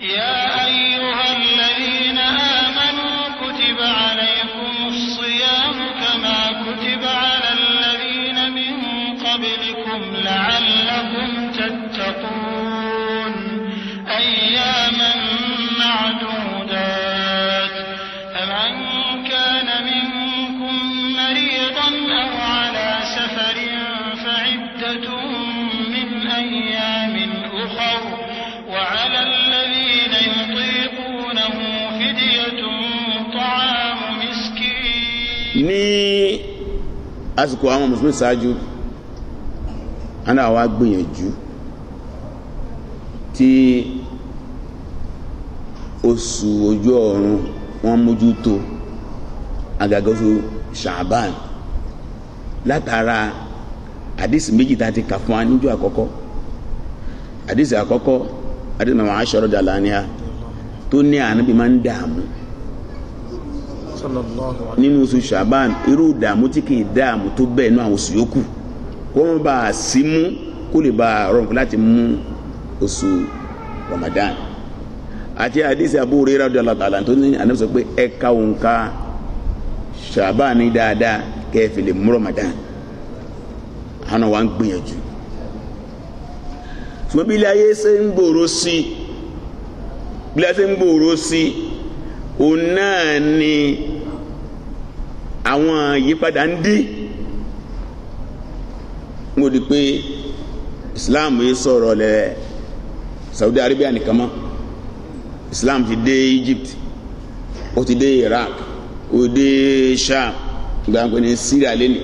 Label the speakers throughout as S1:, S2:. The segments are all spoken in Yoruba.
S1: Yeah. àsìkò àwọn mùsùlùmí ṣáájú ana àwa gbìyànjú tí oṣù ojú ọ̀run wọn mójútó àgàgà oṣù ṣàbán látara àdìsí méjì tá a ti kà fún wa níjọ́ àkọ́kọ́ àdìsí àkọ́kọ́ àdìsí màmá aṣọ tó ní ànábì máa ń dààmú nínú oṣù shaban irú ìdààmú tí kì í dààmú tó bẹ́ẹ̀ nú àwọn oṣù yòókù kó wọn bá a sí mú kó lè bá a rọrùn láti mú oṣù ramadan àti àdìsí Abu Hurairah radiyallahu ta'ala tó ní ànábì sọ pé ẹ ka òǹkà shaban ní dáadáa kẹfì lè mú ramadan hànà wà ń gbìyànjú ṣùgbọ́n bí ilé ayé ṣe ń gbòòrò sí bí ilé ayé ṣe ń gbòòrò sí òun náà ni àwọn ìyípadà ń dé mo di pé Islam yìí sọ̀rọ̀ lẹ̀ Saudi Arabia nìkan mọ́ Islam ti dé Egypt ó ti dé Iraq ó dé Sham gbàgbé ní Syria lẹ́nu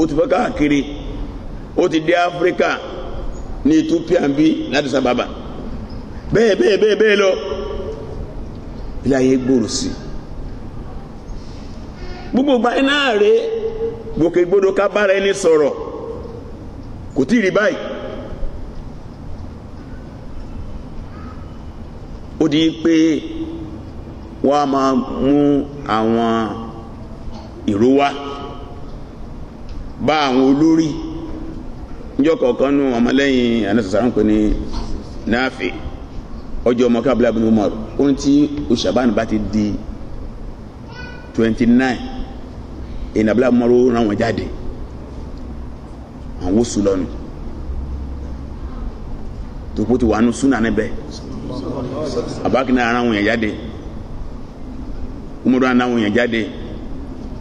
S1: ó ti fẹ́ káàkiri ó ti dé Africa ní Ethiopia bí ní Addis Ababa bẹ́ẹ̀ bẹ́ẹ̀ bẹ́ẹ̀ bẹ́ẹ̀ lọ. ilé ayé gbòòrò sí gbogbo gba iná rè gbòkègbodò ká bára ẹni sọ̀rọ̀ kò tí ì rí báyìí ó di pé wọ́n á máa mú àwọn ìró wá bá àwọn olórí níjọ́ kọ̀ọ̀kan nú ọmọlẹ́yìn anásọ̀sọ̀ à ń pè ní náàfẹ́. ọjọ́ ọmọ kí wọ́n abúlé Umar ohun tí oṣù àbánu bá ti di twenty nine èyí abúlé Umar ó ràn wọ́n jáde àwọn oṣù lọ́nu tòkó ti wà nù súnà níbẹ̀ abakina ara wọn yẹn jáde Umaru ara wọn yẹn jáde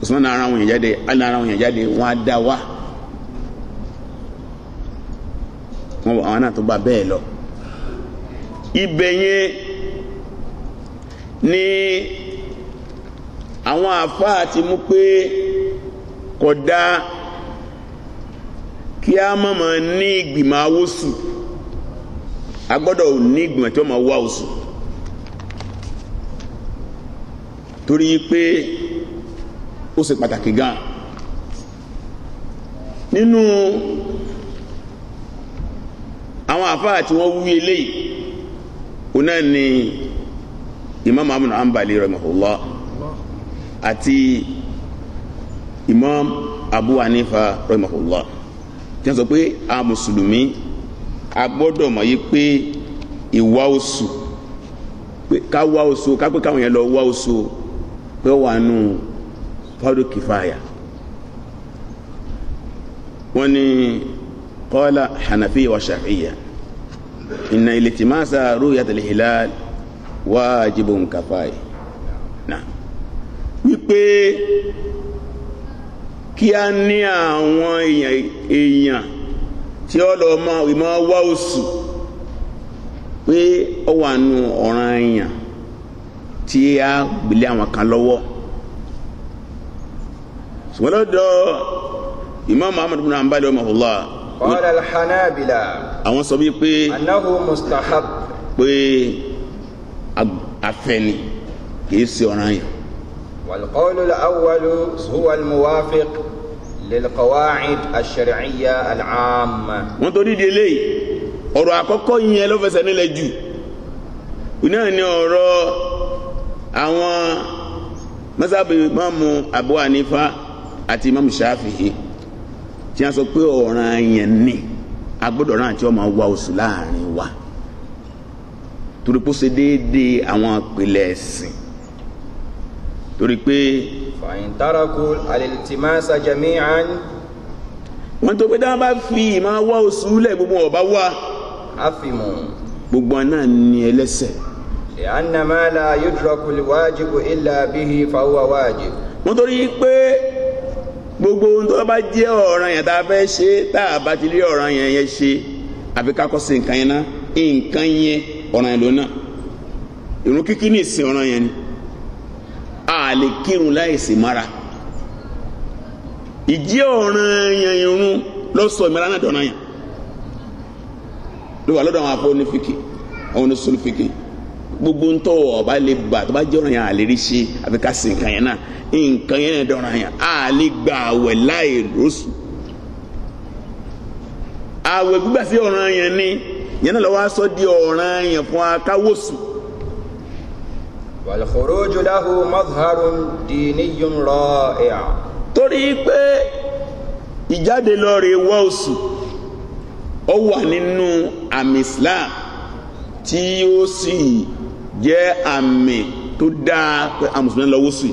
S1: Usman ara wọn yẹn jáde Ali ara wọn yẹn jáde wọn á dá wa wọn àwọn náà tó bá bẹ́ẹ̀ lọ. ibẹ̀ yẹn ni àwọn àfáà ti mú pé kódà kí a má máa ní ìgbìmọ̀ awósù a gbọ́dọ̀ ní ìgbìmọ̀ tí wọ́n máa wá oṣù torí pé ó ṣe pàtàkì gan nínú àwọn tí wọ́n wú eléyìí òun náà ni imam amúnà ambali rahimahullah àti imam abu hanifa rahimahullah tí wọ́n sọ pé a mùsùlùmí a gbọ́dọ̀ mọ̀ yí pé ìwá oṣù pé ká wá oṣù ká pé káwọn yẹn lọ wá oṣù pé wà nù fọdù kìfàyà wọ́n ní qala hanafiya wa shafiya inna iltimasa ru'yatil hilal wajibun kafai náà wípé kí a ní àwọn èèyàn tí ó lọ mọ ìmọ̀ wá oṣù pé ó wà nù ọ̀ràn èèyàn tí a gbélé àwọn kan lọ́wọ́ ṣùgbọ́n lọ́dọ̀ Imam Ahmad bin Hanbal rahimahullah.
S2: qala al-Hanabila
S1: àwọn sọ wípé. anahu mustahab. pé afẹni kìí ṣe ọ̀ràn yẹn.
S2: والقول الأول هو الموافق للقواعد الشرعية العامة. wọ́n torí di eléyìí ọ̀rọ̀ àkọ́kọ́ yẹn ló fẹsẹ̀ nílẹ̀ jù
S1: náà ni ọ̀rọ̀ àwọn mọ́sáàbù imáàmù Abu Hanifa àti imáàmù Shafi'i tí wọ́n sọ pé ọ̀ràn yẹn ni agbọ́dọ̀ náà tí wọ́n máa wá oṣù láàrin wa torí pé ó ṣe déédéé àwọn ìpìlẹ̀ ẹ̀sìn torí pé.
S2: fàyín tárakù alìlìtìmáṣá jami'an. wọ́n tó pé dáhùn bá fi ìmọ̀ wá oṣù lẹ̀ gbogbo ọ̀bá wá.
S1: a fi mọ̀. gbogbo àná ni
S2: ẹlẹ́sẹ̀. ìhànnàmọ́ la yudraku alwajibu illa bihi fahuwa wajib. wọ́n torí pé gbogbo ohun tó bá jẹ́ ọ̀ràn yẹn tá a fẹ́ ṣe tá a
S1: bá ti rí ọ̀ràn yẹn yẹn ṣe àfi ká kọ́ sí nǹkan yẹn náà nǹkan yẹn ọ̀ràn yẹn ló náà ìrun kíkí ní ìsìn ọ̀ràn yẹn ni a lè kírun láì sì mara ìjí ọ̀ràn yẹn irun ló sọ ìmọ̀ra náà dọ̀nà yẹn ló lọ́dọ̀ àwọn afọ onífìkì àwọn onísọ̀lùfìkì gbogbo ntọ́ ọba lè gbà tó bá jẹ́ ọ̀ràn yẹn àlè rí àfi ká sin nǹkan yẹn náà nǹkan yẹn náà yẹn àlè gba àwẹ̀ láì rọ́ṣù. àwẹ̀ gbígbà sí ọ̀ràn yẹn ni yẹn náà lọ́wọ́ aṣọ di ọ̀ràn yẹn fún
S2: akáwọ́sù. wal khuruju lahu madharun diniyyun ra'i'. torí pé
S1: ìjáde lọ rè wọ́ wà nínú àmì Islam tí ó sì jẹ́ àmì tó dáa pé a mùsùlùmí lọ́wọ́ sí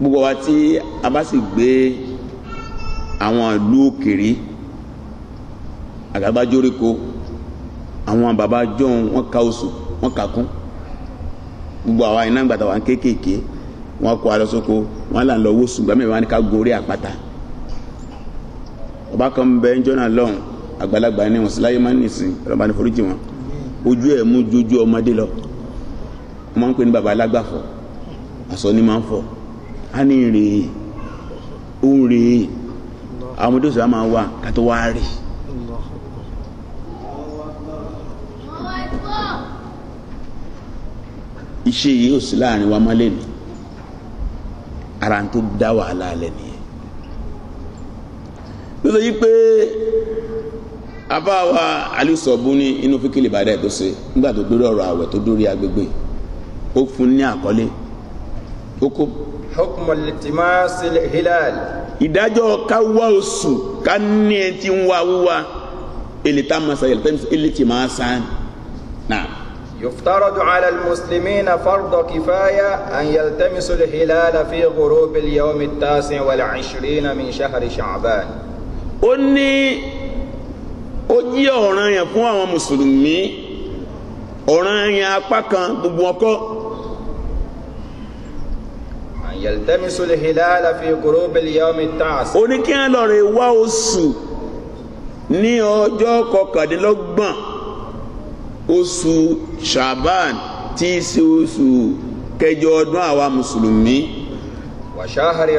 S1: gbogbo wa tí a bá sì gbé àwọn ìlú òkèèrè àgàbájóríko àwọn bàbá jọ̀hún wọ́n ka oṣù wọ́n kà kún gbogbo àwa iná gbàtà wà kéékèèké wọ́n kó alọ́sọ́kọ wọ́n là ń lọ wọ́sùn gbàmí wọn ká gorí àpáta ọba kan bẹ ń jọ́nà lọ́hùn àgbàlagbà ní wọn sí láyé má nìsín ọlọ́ba ní foríjì wọn ojú ẹ̀ mú jójú ọmọdé lọ wọ́n máa ń pè ní baba alágbàfọ̀ aṣọ ni máa ń fọ á ní rèé ó ń rèé àwọn ọmọdé òṣèlú máa wà kátó wá rè iṣẹ́ yìí ò sí láàrin wa má lẹ́nu ara tó dá wàhálà lẹ́nu yẹn ló yí pé abáwa alùsọ̀bù ní inú fíkìlì ìbàdàn tó ṣe nígbà tó dórí ọ̀rọ̀ àwẹ̀ tó dórí agbègbè ó fún ní àkọlé ó kó.
S2: hukmu litimasi hilal. ìdájọ́
S1: ká oṣù ká ní ẹ ti ń wá wíwá èlè tá a máa sàyẹ̀lẹ̀ tẹ́lẹ̀ èlè tì máa sàn
S2: náà. يفترض على المسلمين فرض كفاية أن يلتمسوا الهلال في غروب اليوم التاسع والعشرين من شهر شعبان.
S1: ó ní ó jí ọ̀ràn yẹn fún àwọn mùsùlùmí ọ̀ràn yẹn apá kan gbogbo ọkọ.
S2: yaltamisul hilala fi qurubil yawmi taas.
S1: ó ní kí wọ́n lọ rè wá oṣù ní ọjọ́ kọkàndínlọ́gbọ̀n oṣù shaban tí í ṣe oṣù kẹjọ ọdún àwa mùsùlùmí. wa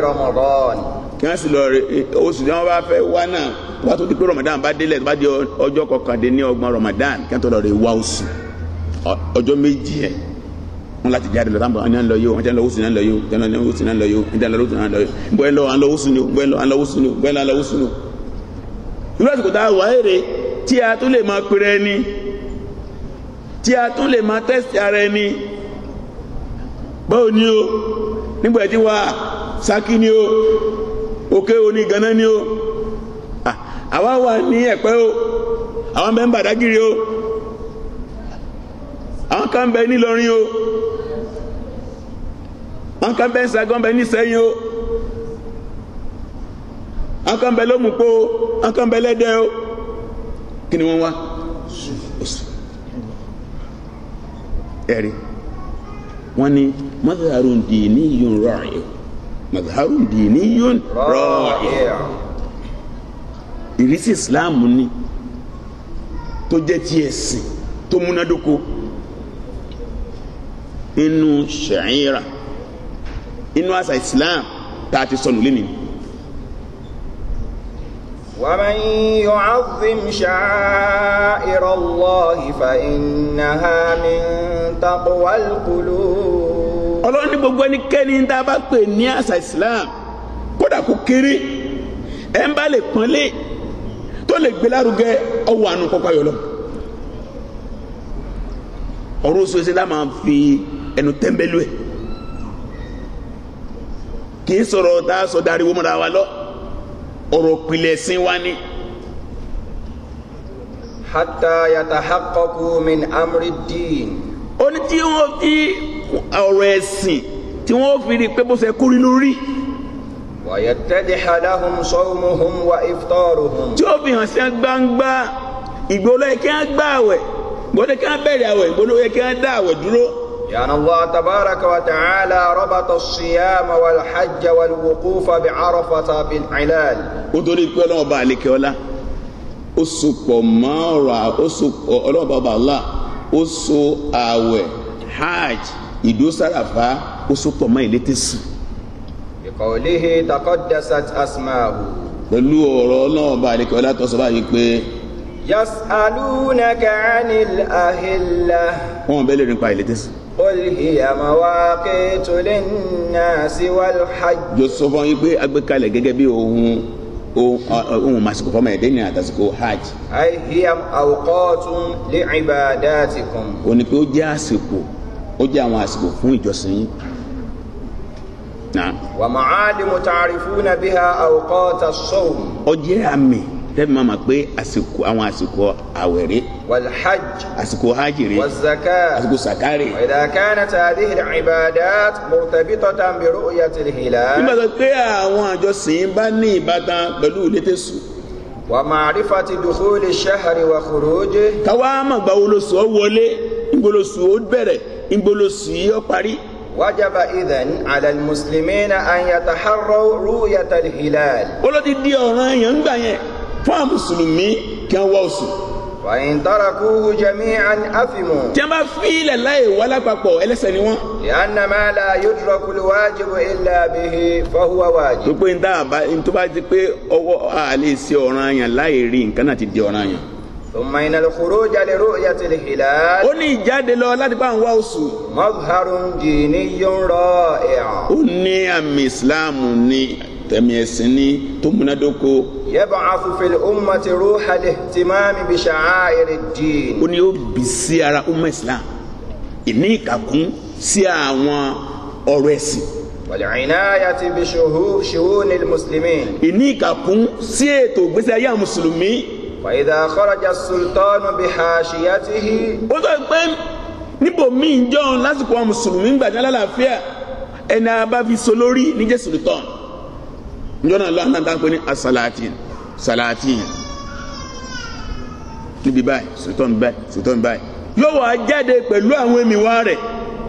S1: ramadan. kí wọ́n sì lọ rè oṣù tí wọ́n bá fẹ́ wá náà wọ́n tó di pé Ramadan bá délẹ̀ tó bá di ọjọ́ kọkàndínlọ́gbọ̀n Ramadan kí wọ́n tó lọ rè wá oṣù ọjọ́ méjì yẹn wọn láti jáde lọ táwọn àwọn yàn lọ yìí wọn jẹ lọ wúsù náà lọ yìí wọn jẹ lọ wúsù náà lọ yìí wọn jẹ lọ wúsù náà lọ yìí bọ lọ à ń ni bọ ẹ lọ à ń ni bọ ẹ lọ à ń ni. irú àsìkò tá a wà èrè tí a tún lè máa pèrè ẹni tí a tún lè máa tẹ́sí ara ẹni báwo ni o nígbà tí wà sákì ni o òkè òní ganan ni o àwa wà ní ẹ̀pẹ́ o àwọn bẹ́ẹ̀ ń bàdágìrì o àwọn kan bẹ nílọrin o àwọn kan bẹ ń Ṣàgámù bẹ nísẹ̀yìn o àwọn kan bẹ lómùpó o àwọn kan bẹ lẹ́dẹ̀ o kí ni wọ́n wá ẹ̀rí wọ́n ní madharun diniyun ra'i madharun ìrísí islam ni tó jẹ́ ti ẹ̀sìn tó múnádóko inú ṣẹ̀yìnra inú àṣà islam tá a ti sọnù lẹ́nu.
S2: ومن يعظم شعائر الله فإنها من تقوى القلوب
S1: ọlọ́run ní gbogbo ẹnikẹ́ni tá a bá pè ní àṣà islam kódà kó kéré ẹ̀ ń bá lè pọ́nlé tó lè gbé lárugẹ ọwọ́ àánú kọ́kọ́ yọ lọ. ọ̀rọ̀ oṣù ẹsẹ̀ láwọn fi ẹnu tẹ́ńbẹ́lú ẹ̀ kì í sọ̀rọ̀ tá a sọ dariwo mọ́ra wa lọ ọ̀rọ̀ pilẹ̀ sin wa
S2: ni. hatta yatahaqqaqu min amri ddin. o ní tí wọ́n fi ọ̀rọ̀ ẹ̀sìn tí wọ́n fi rí pé bó ṣe kúrin lórí wàyẹ̀tẹ́dìhà lahum sawmuhum wa
S1: iftaruhum. tí ó fi hàn sí gbangba ìgbóló yẹ kí wọ́n gbá àwẹ̀ gbóló kí wọ́n
S2: bẹ̀rẹ̀ àwẹ̀ gbóló yẹ kí wọ́n dá àwẹ̀ dúró. yàrá allah tabaraka wa ta'ala rabata siyama wal hajj wal wukufa bi arafata bil ilal. ó torí pé ọlọ́wọ́ bá
S1: àlekè ọlá ó so pọ̀ mọ́ ọ̀rọ̀ ó so ọlọ́wọ́ bá bá ọlá ó so àwẹ̀ hajj ìdó sáràfà ó so pọ̀ mọ́ ìlétẹ́sìn.
S2: kọ̀ọ̀léhe takọ́dẹ́sát asmáhù.
S1: pẹ̀lú ọ̀rọ̀ ọlọ́run bá àlekẹ́ ọlá tó báyìí pé.
S2: yasalunaka anil ahilla.
S1: wọn bẹ lè nípa ìlétẹsí.
S2: qul hiya mawaqitu linnasi hajj.
S1: jọ́sọ̀ fún yín pé gẹ́gẹ́ masiko fọmọ ẹdẹ ní hajj. pé ó jẹ́ àsìkò ó jẹ́ àwọn fún ìjọsìn naam.
S2: wa ma'alimu ta'rifuna biha awqata as-sawm. ó jẹ́ àmì
S1: tẹ́bi máa ma pé àsìkò àwọn àsìkò àwẹ̀rẹ́. wal hajj. àsìkò hajj rẹ̀. wal
S2: zaka. àsìkò sakari. wa idha kanat hadhihi al-ibadat murtabitatan bi ru'yati al-hilal. nígbà
S1: tó pé àwọn àjọsìn bá ní ìbátan pẹ̀lú létésù
S2: wa ma'rifati dukhuli shahri wa khuruji. káwá màgbà wọlé ńgbọ́lóṣù ó bẹ̀rẹ̀ ńgbọ́lóṣù yìí وجب إذن على المسلمين أن يتحروا رؤية الهلال olódi di ọ̀ràn yẹn ń gbà yẹn fún àwọn kí wọ́n wá oṣù. وإن تركوه جميعا أثموا. tí a bá fi ilẹ̀ láì wá lápapọ̀ ẹlẹ́sẹ̀ ni wọ́n. لأن ما لا يدرك الواجب
S1: إلا به فهو واجب. gbogbo ìdáàbá tó bá ti pé ọwọ́ àlè ṣe ọ̀ràn yẹn láì rí nǹkan náà ti di ọ̀ràn yẹn.
S2: ثم إن الخروج لرؤية الهلال ó ní ìjáde lọ láti bá ń wá oṣù. مظهر ديني رائع. ó
S1: ní àmì ìsìláàmù ní tẹ̀mí ẹ̀sìn ní tó múnádóko. يبعث في الأمة روح الاهتمام بشعائر الدين. ó ní ó bì sí ara umma islam ìní ìkàkún sí àwọn ọ̀rọ̀ ẹ̀sìn.
S2: والعناية بشؤون المسلمين. ìní ìkàkún sí ètò ìgbésí ayé àwọn mùsùlùmí fàyídà kọ́rọ̀jà sultanu bí haṣíyá ti hí. ó sọ
S1: pé níbo míì ń jọun lásìkò àwọn mùsùlùmí ń gbàjá lálàáfíà ẹni abáfiso lórí níjẹ́ sultan njọ́ náà lọ́wọ́ náà dáńpẹ́ ní asalatin salatin níbi báyìí sultan báyìí sultan báyìí yóò wá jáde pẹ̀lú àwọn èmi wá rẹ̀.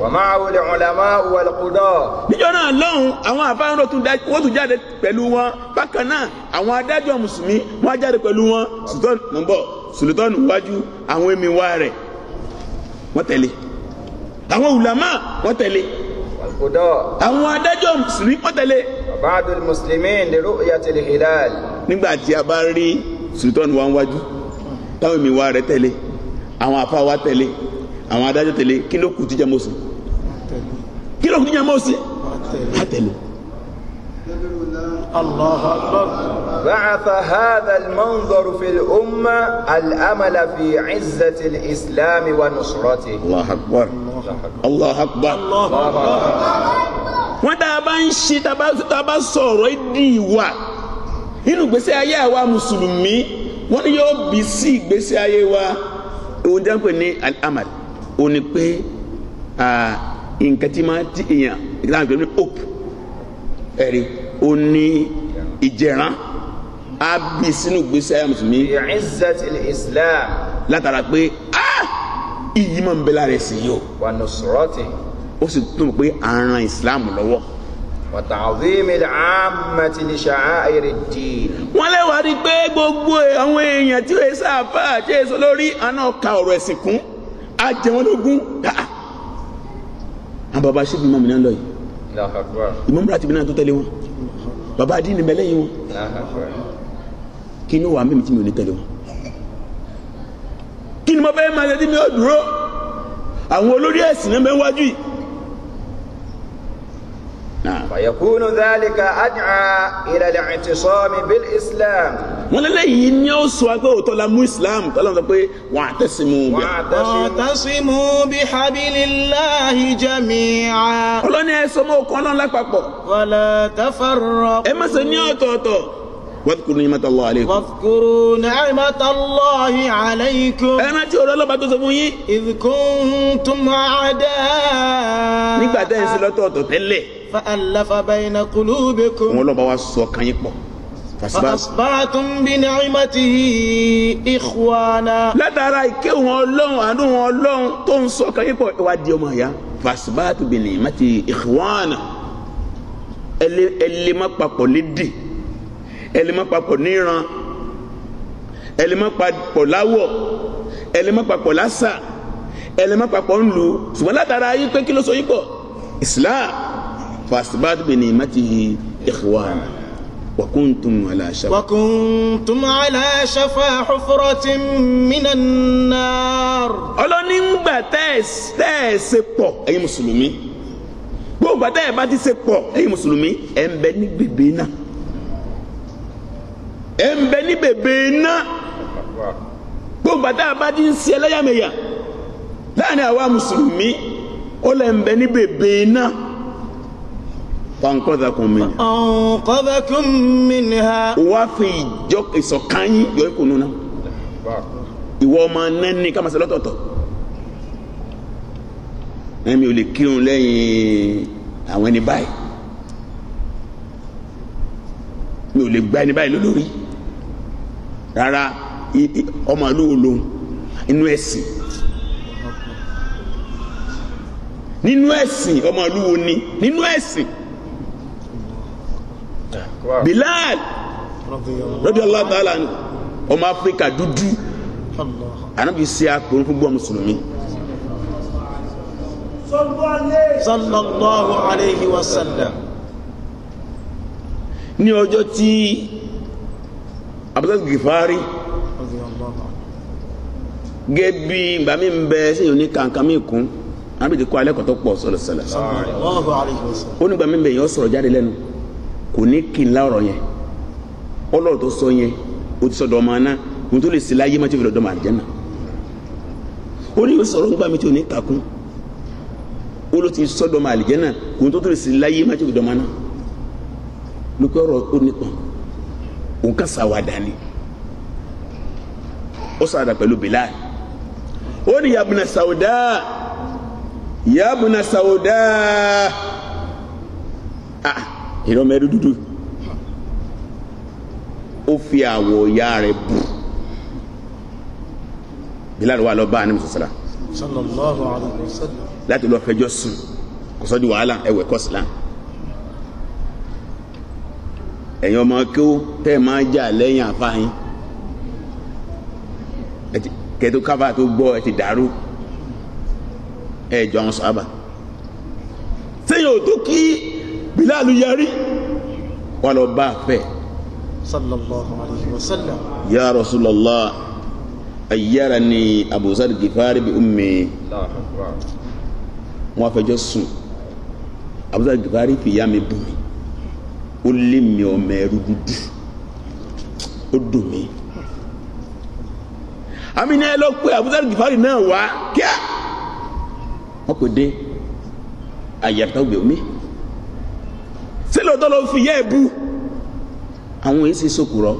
S1: ومعه العلماء والقضاة. níjọ́ náà lọ́hùn àwọn àfáàrọ̀ tún dá wọ́n tún jáde pẹ̀lú wọn bákan náà àwọn adájọ́ mùsùlùmí wọ́n á jáde pẹ̀lú wọn sultan nùbọ̀ sultan wájú àwọn èmi wá rẹ̀ wọ́n tẹ̀lé àwọn ulama wọ́n tẹ̀lé àwọn adájọ́ mùsùlùmí wọ́n tẹ̀lé. ba'du al-muslimin li ru'yati al-hilal. nígbà tí a bá rí sultan wa wá àwọn àfáà wa kí ló kù tíjà mọ́sùn kila kupiga mosi hatelu
S2: الله أكبر بعث هذا المنظر في الأمة الأمل في عزة الإسلام ونصرته
S1: الله أكبر الله أكبر الله أكبر wọ́n tá a bá ń ṣe tá a bá sọ̀rọ̀ ìdí ìwà nínú ìgbésí ayé àwa mùsùlùmí wọ́n ní yóò bí sí ìgbésí ayé wa òun jẹ́ pé ní al-amal òun ni pé ah, nǹkan tí máa ti èèyàn ìgbà tó ní hope ẹ̀rí ó ní ìjẹ̀rán á bí sínú gbèsè ayé mùsùlùmí.
S2: ìyànzẹ́tìlì islam.
S1: látara pé iyì máa ń bẹ lára ẹ̀sìn yìí o. wà á nusrati. ó sì tún pé à ń ran islam lọ́wọ́. wa ta'zimil 'ammati li sha'airid din. wọ́n lè wá rí i pé gbogbo àwọn èèyàn tí ó yẹ sáà fà á ṣe é sọ lórí àná ka ọ̀rọ̀ ẹ̀sìn kún á jẹ wọn dáa baba ṣíbi mọ́mù náà lọ yìí ìmọ̀mù ràtìbí náà tó tẹ̀lé wọn baba adí ni bẹ́lẹ́ wọn kí ni wàá mímí tí mi ò ní tẹ̀lé wọn kí ni mo fẹ́ máa tẹ́tí mi ò dúró
S2: àwọn olórí ẹ̀sìn náà bẹ́ẹ̀ wájú yìí. فيكون ذلك أدعى إلى الاعتصام بالإسلام wọn
S1: lélẹyìí ni ó sọ pé òótọ́ la mú islam tọ́lá sọ pé wọ́n àtẹ̀símú bí. wàtàsímú
S2: bí habilillahi jami'a.
S1: ọlọ́ni ẹ sọmọ òkun ọlọ́run lápapọ̀. wala tafarraqu. ẹ má ṣe ní ọ̀tọ̀ọ̀tọ̀. واذكروا نعمة الله عليكم واذكروا نعمة الله عليكم ẹ rántí ọ̀rọ̀ ọlọ́ba tó sọ fún yín. إذ كنتم
S2: أعداء.
S1: nígbà tẹ́ ẹ ń lọ́tọ̀ọ̀tọ̀ tẹ́lẹ̀. فألف بين قلوبكم. òun ọlọ́ba wa sọ kan yín pọ̀ fàṣbàtún bí ní àìmọ́tì ìkwana. látara ìkéwọn ọlọ́run àánú wọn ọlọ́run tó ń sọ kan yípo ìwádìí ọmọ ìyá fàṣbàtún bí ní àìmọ́tì ìkwana ẹlẹ́mọ́ papọ̀ lédè ẹlẹ́mọ́ papọ̀ níran ẹlẹ́mọ́ papọ̀ láwọ̀ ẹlẹ́mọ́ papọ̀ lásà ẹlẹ́mọ́ papọ̀ ńlu ṣùgbọ́n látara yí pé kí ló so yípo Islam fàṣbàtún bí ní àìmọ́tì ìkwana. وكنتم على شفا وكنتم على شفا حفرة من النار ọlọ́ni ń gbà tẹ́ ẹ tẹ́ ẹ ṣe pọ̀ ẹ̀yin mùsùlùmí gbogbo gbà tẹ́ ẹ bá ti ṣe pọ̀ ẹ̀yin mùsùlùmí ẹ̀ ń bẹ ní bèbè náà ẹ̀ ń bẹ ní bèbè náà gbogbo gbà tẹ́ ẹ bá ti ń ṣe ẹlẹ́yàmẹ̀yà láàrin àwa mùsùlùmí ó lẹ̀ ń bẹ ní bèbè náà ọ̀nkọ́dàkùn mi. ọ̀nkọ́dàkùn mi ni ha. o wá fi ìjọ ìsọ̀kan yín yọ ikùn nù náà ìwọ ọmọ nẹ́ni ká máa ṣe lọ́tọ̀ọ̀tọ̀ ẹ̀mí ò lè kírun lẹ́yìn àwọn ẹni báyìí mi ò lè gba ẹni báyìí lólórí rárá ọmọ àlóhùn inú ẹ̀sìn nínú ẹ̀sìn ọmọ àlóhùn ni nínú ẹ̀sìn. Bilal radiyallahu ta'ala ni ọmọ Afrika, dúdú anabi ṣe akpọ̀n fún gbọ́ mùsùlùmí. sallallahu alayhi wa sallam. ní ọjọ́ tí abudulayi gifari gẹbi ìgbà mi bẹ sẹyìn ní kankan mi kún anabi ti kọ́ alẹ́ kọ́tọ́ pọ̀ sallallahu alayhi wa sallam. ó ní ìgbà mi bẹ yẹn sọ̀rọ̀ jáde lẹ́nu kò ní kí n la ọ̀rọ̀ yẹn ọlọ́rọ̀ tó sọ yẹn o ti sọ dọ̀ ọmọ náà mo tó lè ṣe láyé má ti fi dọ̀ ọmọ àlùjánnà ó ní yóò sọ̀rọ̀ nígbà mi tí ò ní kàkún ó ló ti sọ dọ̀ ọmọ àlùjánnà mo tó lè ṣe láyé má ti fi dọ̀ ọmọ náà lókè ọ̀rọ̀ ó nípa òun kà sàwádà ni ó sàwádà pẹ̀lú Bilal ó ní yabuna Sauda yabuna Sauda ah ìrọmọdé dúdú ó fi àwọ̀ ìyá rẹ̀ bù bíláàdì wà lọ bá àní mùsùlùmí láti lọ fẹjọ́ sùn kò sọ di wàhálà ẹwẹ̀ kọ́ sílá ẹ̀yin ọmọ kí ó tẹ́ máa jà lẹ́yìn àfáyín kẹtó kábà tó gbọ́ ẹ ti dàrú ẹ jọ àwọn sọ àbà sẹ́yìn ò tó kí bilalu yarí wà lọ bá fẹ́ sallallahu alayhi wa sallam ya rasulallah ayyara ni abuzar gifari bi ummi wọn fẹjọ́ sùn abuzar gifari fi ya mi bù mí ó lé mi ọmọ ẹrú dúdú ó dùn mí àmì ní ẹ lọ pé abuzar gifari náà wá kíá wọn kò dé àyàtọ̀ gbèmí lóòótọ́ ló fi yẹ́ ẹ̀bú àwọn èsì sòkùrọ̀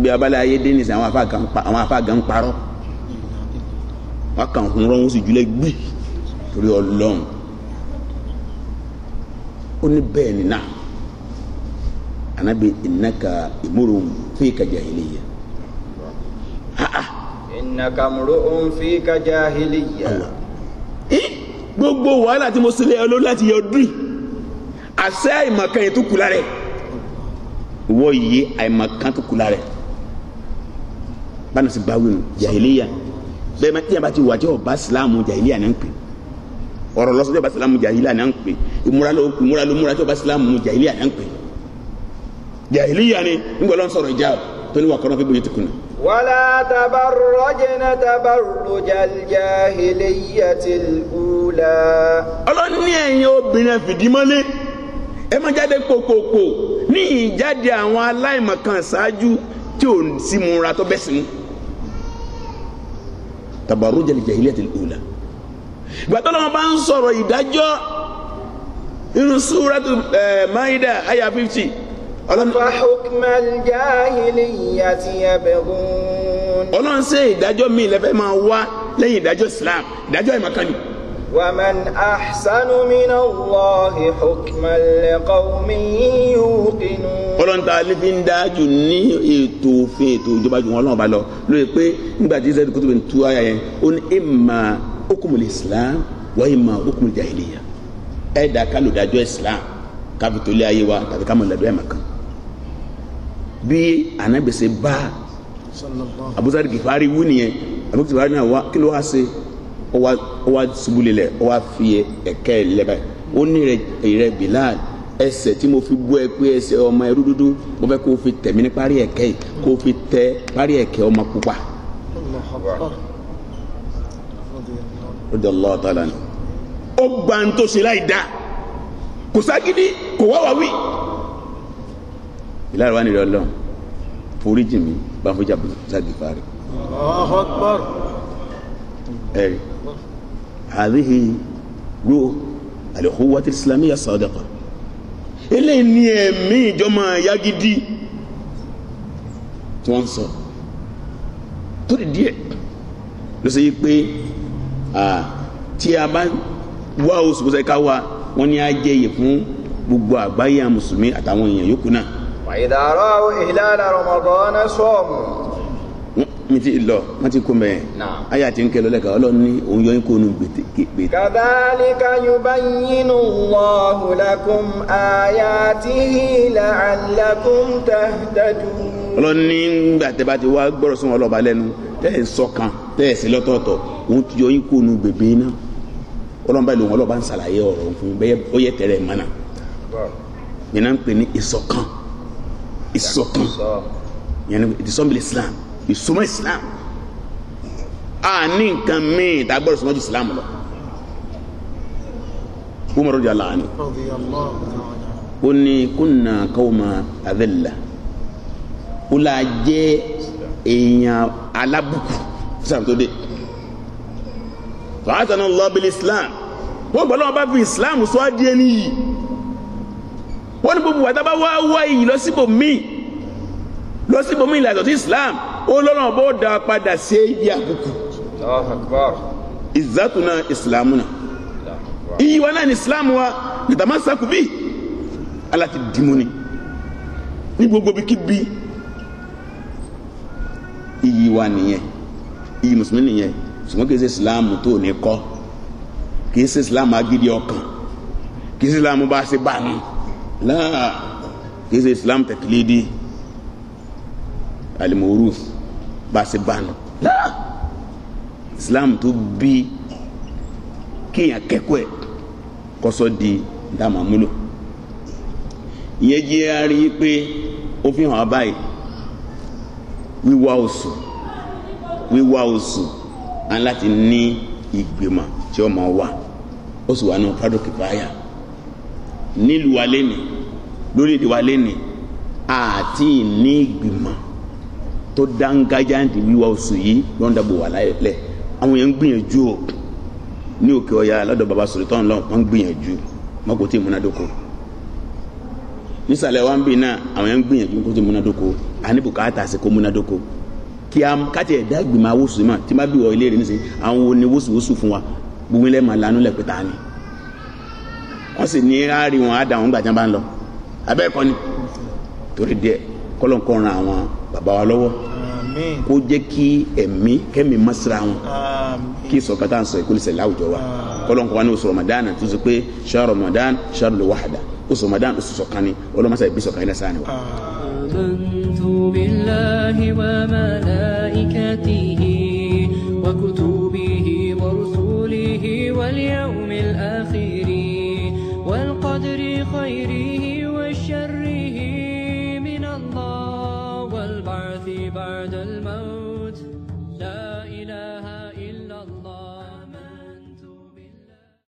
S1: gbé abala ayé dé nìsín àwọn afáàgà ń parọ́ wọn kàn ń rán wọn jùlẹ̀ gbé torí ọlọ́run ó ní bẹ́ẹ̀ nínà anabi innaka imuru fi ka jahiliya
S2: ah ah innaka imuru fi ka jahiliya. Allah gbogbo wàhálà tí mo sílẹ̀ olórí láti
S1: yọ dùn àṣẹ àìmọ̀kan yẹn tó kù lára ẹ̀ wọ́ iye àìmọ̀kan tó kù lára ẹ̀ bánu sì bá wíwù jàìlíyà bẹ́ẹ̀ máa tí yàrá bá ti wà tí ọba sílámù jàìlíyà náà ń pè ọ̀rọ̀ lọ́sọ̀ ọba sílámù jàìlíyà náà ń pè ìmúra ló múra tí ọba sílámù jàìlíyà náà ń pè jàìlíyà ni ńgbọ́lọ́ sọ̀rọ̀ ìjà tó ní wà kọ́nà fún ibùdó ti kùnà
S2: ولا تبرجن تبرج الجاهلية الأولى ọlọ́ni ní ẹ̀yin obìnrin fìdímọ́lé ẹ má jáde kòkòkò ní ìjáde àwọn
S1: aláìmọ̀kan ṣáájú tí ò sí mu ra tó bẹ́sìn mu tabarruj al-jahiliyyah al-ula ìgbà tó lọ́wọ́ bá ń sọ̀rọ̀ ìdájọ́ inú eh, Maida aya fifty أفحكم
S2: الجاهلية يبغون
S1: ọlọ́run ṣe ìdájọ́ mi lẹ́fẹ́ máa
S2: wá lẹ́yìn ìdájọ́ islam ìdájọ́ ìmọ̀kánì. ومن أحسن من الله حكما لقوم يوقنون. ọlọ́run ta ló fi ń
S1: dájú ní ètò òfin ètò ìjọba ju wọn lọ́wọ́ bá lọ lóye pé nígbà tí zed kutubu tú àyà yẹn ó ní imma hukumul islam wa imma hukumul jahiliya ẹ̀ẹ́dà kálò dájọ́ islam káfíntólé ayé wa tàbí kámọ̀ lẹ́dọ̀ ẹ̀mọ̀kan bí anabese bá abudulayi gifari wú nìyẹn abudulayi gifari náà wá kí ló wá ṣe ó wá subúlẹ̀ lẹ̀ ó wá fi ẹ̀kẹ́ lẹ́bàá ó ní ìrẹ bilal ẹsẹ̀ tí mo fi bú ẹ pé ẹsẹ̀ ọmọ ẹrú dúdú mo fẹ́ kó o fi tẹ̀mí ní parí ẹ̀kẹ́ yìí kó o fi tẹ parí ẹ̀kẹ́ ọmọ pupa. ó di Allah ta'ala ni ó gba ń tó ṣe láì dá kò ságídí kò wá wá wí ìlàrọ̀ wà nílẹ̀ ọlọ́run forí jì mí bá fún jàbù sàgbìfàrí. ẹ̀rí àdéhì ro al-quwwat al-islamiyya as-sadiqa eléyìí ni ẹ̀mí ìjọba yagidi tí wọ́n ń sọ tó di díẹ̀ ló ṣe yí pé tí a bá wá oṣù kó sẹ́ka wọ́n ní á jẹ́ iyì fún gbogbo àgbáyé mùsùlùmí àtàwọn èèyàn yòókù náà wàyídà arọ́
S2: ìlànà rọmọgán sọ́ọ̀mù.
S1: mi ti lọ wọn ti kú mẹ́ẹ̀ ayé àti nkẹ́ lọ́lẹ́ka ọlọ́run ní òun yọ ikú ònú gbètè.
S2: kàdálíkà yubayyinu Allahu lakum ayatihi la'allakum tahtadun.
S1: ọlọ́run ní gbà tẹ́ bá ti wá gbọ́rọ̀ sún ọlọ́ba lẹ́nu tẹ́ ẹ̀ sọ́kan tẹ́ ẹ̀ sí lọ́tọ̀ọ̀tọ̀ òun ti yọ ikú ònú gbèbè náà ọlọ́nba ìlú wọn ọlọ́ba ń ṣàlàyé ọ̀rọ̀ òun bẹ́ẹ̀ ó yẹ tẹ̀lé mọ́nà ìsọkún yẹn ìdísọ́nbìlì islam ìsúnmọ́ islam a ní nǹkan míì tá a gbọ́dọ̀ súnmọ́ ju islam lọ. Umar radi Allah anhu ó ní kunna qawma adilla ó là jẹ́ èèyàn alábùkù islam tó dé fàátànà Allah islam wọ́n gbọ́dọ̀ bá fi islam sọ́ọ́ di ẹni wọ́n ní gbogbo àti abá wá wá iyì lọ síbò míì lọ síbò míì làtọ̀ sí Islam ó lọ́nà bó da padà sí ibi àbùkù ìzàtúnà ìsìlámùnà iyì wa náà ní Islam wa nìtàmá sakubi aláti dìmú ni ní gbogbo bí kíbi iyì wa nìyẹn iyì mùsùlùmí nìyẹn ṣùgbọ́n kì í ṣe Islam tó ní kọ́ kì í ṣe Islam agídí ọkàn kì í ṣe Islam bá ṣe bá ní. láà kìí ṣe islam tẹ̀kílídì alimoru bá ṣe bánu islam tó bí kéèyàn kẹkọ ẹ̀ kọ́sọ́ di dàmàmúlò ìyẹn jẹ́ àárí pé ó fi hàn báyìí wíwá oṣù wíwá oṣù á láti ní ìgbìmọ̀ tí ó máa wà ó sì wà ní prado kìfáyà. nílùú wa lẹ́ni lórílẹ̀‐èdè wa lẹ́ni àti ní ìgbìmọ̀ tó dángájá ní wíwá oṣù yìí ló ń dàbò wà láyẹ̀lẹ̀ àwọn yẹn ń gbìyànjú o ní òkè ọ̀yà lọ́dọ̀ baba sòlítọ́n lọ́n wọ́n ń gbìyànjú wọn tí ì nísàlẹ̀ wa ń bì náà àwọn yẹn ń gbìyànjú kò tí ì múnádóko àníbùkátà sí kó múnádóko kí a káti ẹ̀dá ìgbìmọ̀ awosùmọ̀ tí má bí wọ ilé rẹ̀ nísìnyí àwọn wo ni wosùwosù fún wa gbogbo ilẹ̀ màlánú lẹ̀ pẹ̀tà ni wọ́n sì ní rárí wọn á dà wọn gbàjá bá ń lọ abẹ́ ẹ̀kọ́ ni torí díẹ̀ kọ́lọ́nkọ́ ran àwọn bàbá wa lọ́wọ́ kó jẹ́ kí ẹ̀mí kẹ́mi má sira wọn kí sọ̀kan tá à ń sọ ìkólẹ̀sẹ̀ láwùjọ wa kọ́lọ́nkọ́ wa ní oṣù Ramadan tó ṣe pé ṣáà Ramadan ṣáà lè wàhádà oṣù Ramadan oṣù sọ̀kan ni ọlọ́mọṣà ìbí sọ̀kan ilẹ̀ sáà ni wa.
S2: آمنت بالله وملائكته وكتبه